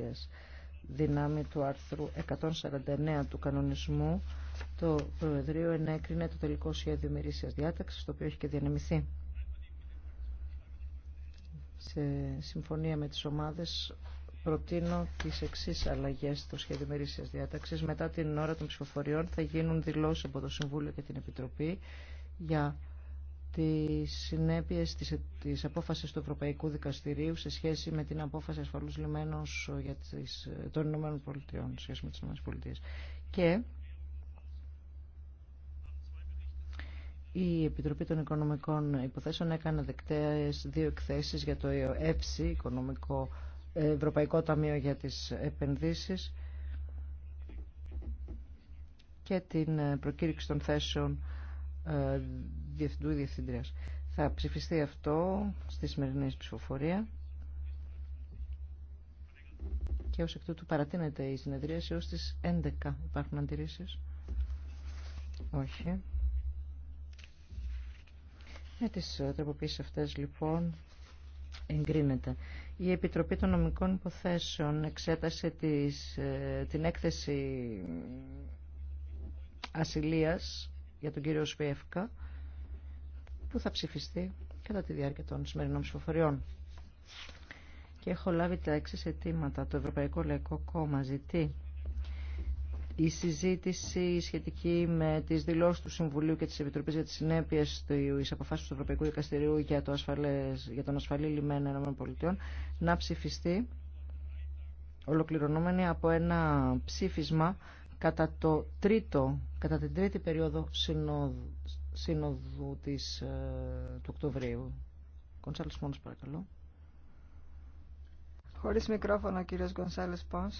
Δύναμη Δυνάμει του άρθρου 149 του κανονισμού, το Προεδρείο ενέκρινε το τελικό σχέδιο μερίσιας διάταξης, το οποίο έχει και διανεμηθεί. Σε συμφωνία με τις ομάδες προτείνω τις εξής αλλαγές στο σχέδιο μερίσιας διάταξης. Μετά την ώρα των ψηφοφοριών θα γίνουν δηλώσεις από το Συμβούλιο και την Επιτροπή για τις συνέπειες της, απόφαση απόφασης του Ευρωπαϊκού Δικαστηρίου σε σχέση με την απόφαση ασφαλούς για τις, των Ηνωμένων Πολιτειών, σε σχέση με τις Ηνωμένες Πολιτείες. Και η Επιτροπή των Οικονομικών Υποθέσεων έκανε δεκτές δύο εκθέσεις για το ΕΕΣΥ Οικονομικό ε, Ευρωπαϊκό Ταμείο για τις Επενδύσεις και την προκήρυξη των θέσεων ε, Διευθυντού Διευθυντρίας. Θα ψηφιστεί αυτό στη σημερινή ψηφοφορία και ως εκ τούτου παρατείνεται η συνεδρίαση ω τις 11. Υπάρχουν αντιρρήσεις. Όχι. Με τι ε, τροποποίησεις αυτές λοιπόν εγκρίνεται. Η Επιτροπή των Νομικών Υποθέσεων εξέτασε τις, ε, την έκθεση ασυλίας για τον κύριο Σπιεύκα που θα ψηφιστεί κατά τη διάρκεια των σημερινών ψηφοφοριών. Και έχω λάβει τα έξι αιτήματα. Το Ευρωπαϊκό Λαϊκό Κόμμα ζητεί η συζήτηση σχετική με τι δηλώσει του Συμβουλίου και τη Επιτροπή για τι συνέπειε τη αποφάση του Ευρωπαϊκού Δικαστηρίου για, το ασφαλές, για τον ασφαλή λιμένα ΗΠΑ να ψηφιστεί ολοκληρωνόμενη από ένα ψήφισμα κατά, το τρίτο, κατά την τρίτη περίοδο συνόδου, Σύνοδου της, ε, του Οκτωβρίου. Κονσάλης Πόνς, παρακαλώ. Χωρίς μικρόφωνο, κύριος Γκονσάλης Πόνς.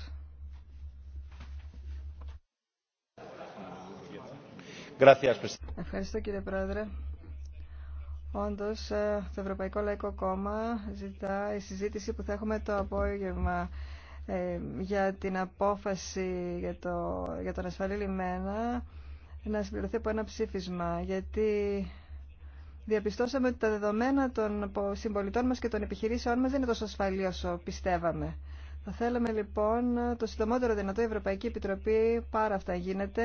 Ευχαριστώ κύριε Πρόεδρε. Όντως, ε, το Ευρωπαϊκό Λαϊκό Κόμμα ζητά η συζήτηση που θα έχουμε το απόγευμα ε, για την απόφαση για, το, για τον ασφαλή λιμένα να συμπληρωθεί από ένα ψήφισμα, γιατί διαπιστώσαμε ότι τα δεδομένα των συμπολιτών μας και των επιχειρήσεών μας δεν είναι τόσο ασφαλή όσο πιστεύαμε. Θα θέλαμε λοιπόν το συντομότερο δυνατό η Ευρωπαϊκή Επιτροπή, πάρα αυτά γίνεται,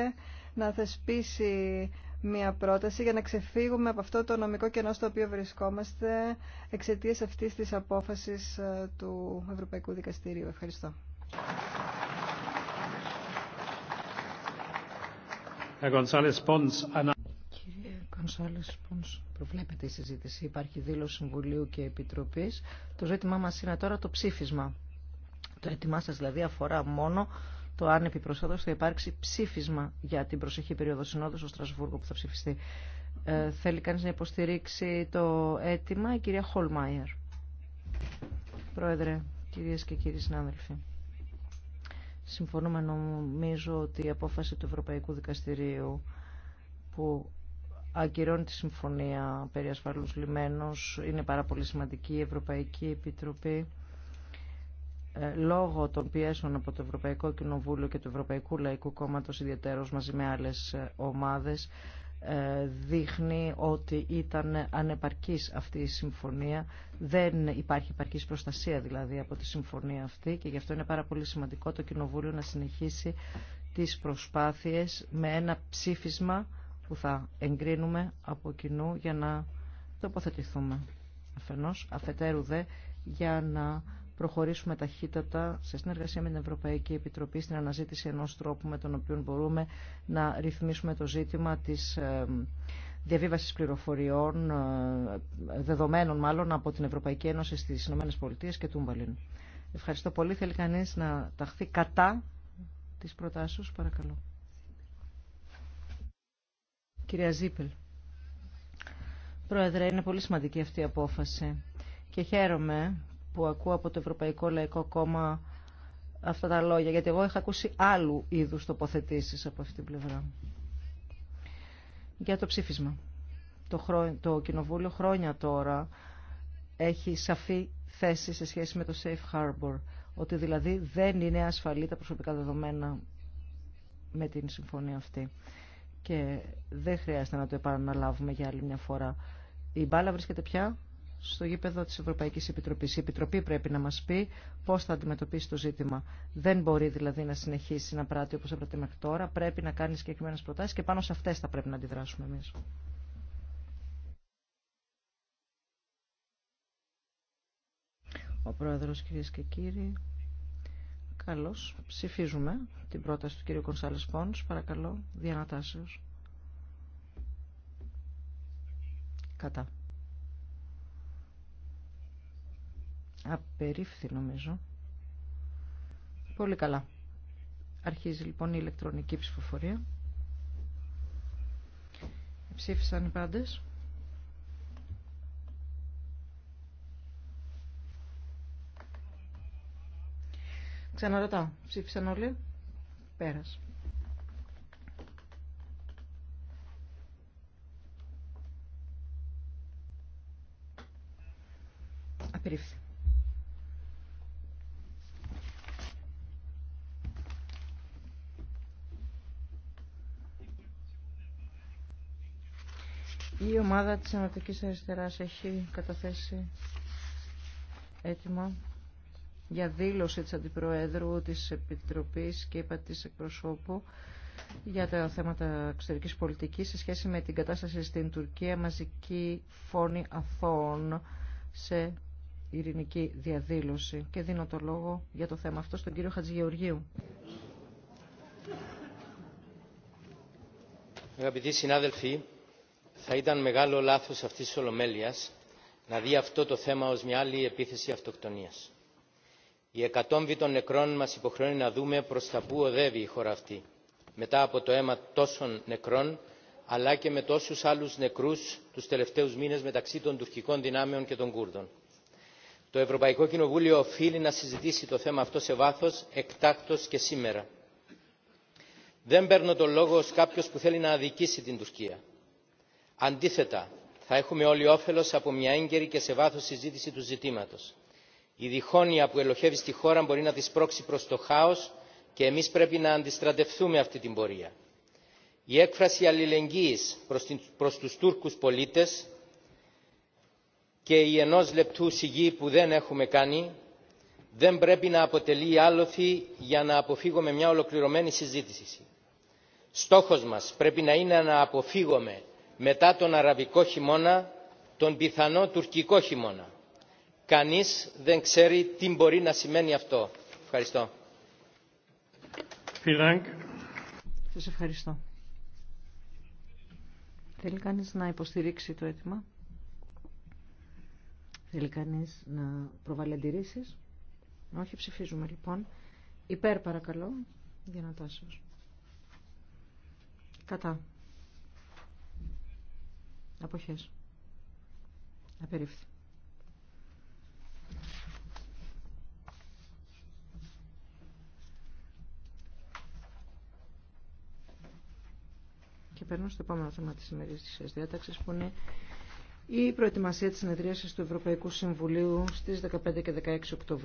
να θεσπίσει μια πρόταση για να ξεφύγουμε από αυτό το νομικό κενό στο οποίο βρισκόμαστε εξαιτίας αυτής της απόφασης ε, του Ευρωπαϊκού Δικαστηρίου. Ευχαριστώ. Κύριε Κονσάλε Πόνς, προβλέπετε η συζήτηση. Υπάρχει δήλωση Συμβουλίου και Επιτροπής. Το ζήτημά μας είναι τώρα το ψήφισμα. Το έτοιμά σας δηλαδή αφορά μόνο το αν επιπροσθέτως θα υπάρξει ψήφισμα για την προσεχή περίοδο συνόδου στο Στρασβούργο που θα ψηφιστεί. Ε, θέλει κανείς να υποστηρίξει το αίτημα η κυρία Χολμάιερ. Πρόεδρε, κυρίες και κύριοι συνάδελφοι. Συμφωνούμε νομίζω ότι η απόφαση του Ευρωπαϊκού Δικαστηρίου που αγκυρώνει τη συμφωνία περί ασφαλούς λιμένος είναι πάρα πολύ σημαντική η Ευρωπαϊκή Επιτροπή ε, λόγω των πιέσεων από το Ευρωπαϊκό Κοινοβούλιο και του Ευρωπαϊκού Λαϊκού Κόμματος ιδιαίτερως μαζί με άλλες ε, ομάδες ε, δείχνει ότι ήταν ανεπαρκής αυτή η συμφωνία. Δεν υπάρχει επαρκής προστασία δηλαδή από τη συμφωνία αυτή και γι' αυτό είναι πάρα πολύ σημαντικό το Κοινοβούλιο να συνεχίσει τις προσπάθειες με ένα ψήφισμα που θα εγκρίνουμε από κοινού για να τοποθετηθούμε αφενός, αφετέρου δε για να προχωρήσουμε ταχύτατα σε συνεργασία με την Ευρωπαϊκή Επιτροπή στην αναζήτηση ενός τρόπου με τον οποίο μπορούμε να ρυθμίσουμε το ζήτημα της ε, διαβίβασης πληροφοριών, ε, δεδομένων μάλλον από την Ευρωπαϊκή Ένωση στις ΗΠΑ και Τούμπαλιν. Ευχαριστώ πολύ. Θέλει κανείς να ταχθεί κατά τις προτάσεις, παρακαλώ. Κυρία Ζήπελ. Πρόεδρε, είναι πολύ σημαντική αυτή η απόφαση και χαίρομαι που ακούω από το Ευρωπαϊκό Λαϊκό Κόμμα αυτά τα λόγια, γιατί εγώ είχα ακούσει άλλου είδους τοποθετήσεις από αυτή την πλευρά. Για το ψήφισμα. Το, το Κοινοβούλιο χρόνια τώρα έχει σαφή θέση σε σχέση με το Safe Harbor, ότι δηλαδή δεν είναι ασφαλή τα προσωπικά δεδομένα με την συμφωνία αυτή. Και δεν χρειάζεται να το επαναλάβουμε για άλλη μια φορά. Η μπάλα βρίσκεται πια στο γήπεδο της Ευρωπαϊκής Επιτροπής. Η Επιτροπή πρέπει να μας πει πώς θα αντιμετωπίσει το ζήτημα. Δεν μπορεί δηλαδή να συνεχίσει να πράττει όπως έπρεπε μέχρι τώρα. Πρέπει να κάνει συγκεκριμένε προτάσεις και πάνω σε αυτές θα πρέπει να αντιδράσουμε εμείς. Ο Πρόεδρος, κυρίες και κύριοι, καλώς ψηφίζουμε την πρόταση του κύριου Κονσάλης Παρακαλώ, διανατάσεως. Κατά. Απερίφθη νομίζω. Πολύ καλά. Αρχίζει λοιπόν η ηλεκτρονική ψηφοφορία. Ψήφισαν οι πάντες. Ξαναρωτάω. Ψήφισαν όλοι. Πέρας. Απερίφθη. Η ομάδα της Ενωτικής Αριστεράς έχει καταθέσει έτοιμο για δήλωση της Αντιπροέδρου της Επιτροπής και είπα της εκπροσώπου για τα θέματα εξωτερικής πολιτικής σε σχέση με την κατάσταση στην Τουρκία μαζική φόνη αθώων σε ειρηνική διαδήλωση και δίνω το λόγο για το θέμα αυτό στον κύριο Χατζηγεωργίου. Αγαπητοί συνάδελφοι, θα ήταν μεγάλο λάθος αυτής της ολομέλειας να δει αυτό το θέμα ως μια άλλη επίθεση αυτοκτονίας. Η εκατόμβη των νεκρών μας υποχρεώνει να δούμε προς τα που οδεύει η χώρα αυτή μετά από το αίμα τόσων νεκρών αλλά και με τόσους άλλους νεκρούς τους τελευταίους μήνες μεταξύ των τουρκικών δυνάμεων και των Κούρδων. Το Ευρωπαϊκό Κοινοβούλιο οφείλει να συζητήσει το θέμα αυτό σε βάθος, εκτάκτος και σήμερα. Δεν παίρνω τον λόγο ως κάποιο που θέλει να αδικήσει την Τουρκία Αντίθετα, θα έχουμε όλοι όφελο από μια έγκαιρη και σε βάθο συζήτηση του ζητήματο. Η διχόνοια που ελοχεύει στη χώρα μπορεί να τη σπρώξει προ το χάο και εμεί πρέπει να αντιστρατευτούμε αυτή την πορεία. Η έκφραση αλληλεγγύη προ του Τούρκου πολίτε και η ενό λεπτού σιγή που δεν έχουμε κάνει δεν πρέπει να αποτελεί άλοθη για να αποφύγουμε μια ολοκληρωμένη συζήτηση. Στόχος μας πρέπει να είναι να αποφύγουμε μετά τον αραβικό χειμώνα τον πιθανό τουρκικό χειμώνα. Κανείς δεν ξέρει τι μπορεί να σημαίνει αυτό. Ευχαριστώ. Σας ευχαριστώ. Θέλει κανείς να υποστηρίξει το αίτημα. Θέλει κανείς να προβάλλει αντιρρήσεις. Όχι, ψηφίζουμε λοιπόν. Υπέρ παρακαλώ, για να Κατά. Αποχές. Απερίφθη. Και παίρνω στο επόμενο θέμα της σημερινής της διάταξης που είναι η προετοιμασία της συνεδρίασης του Ευρωπαϊκού Συμβουλίου στις 15 και 16 Οκτωβρίου.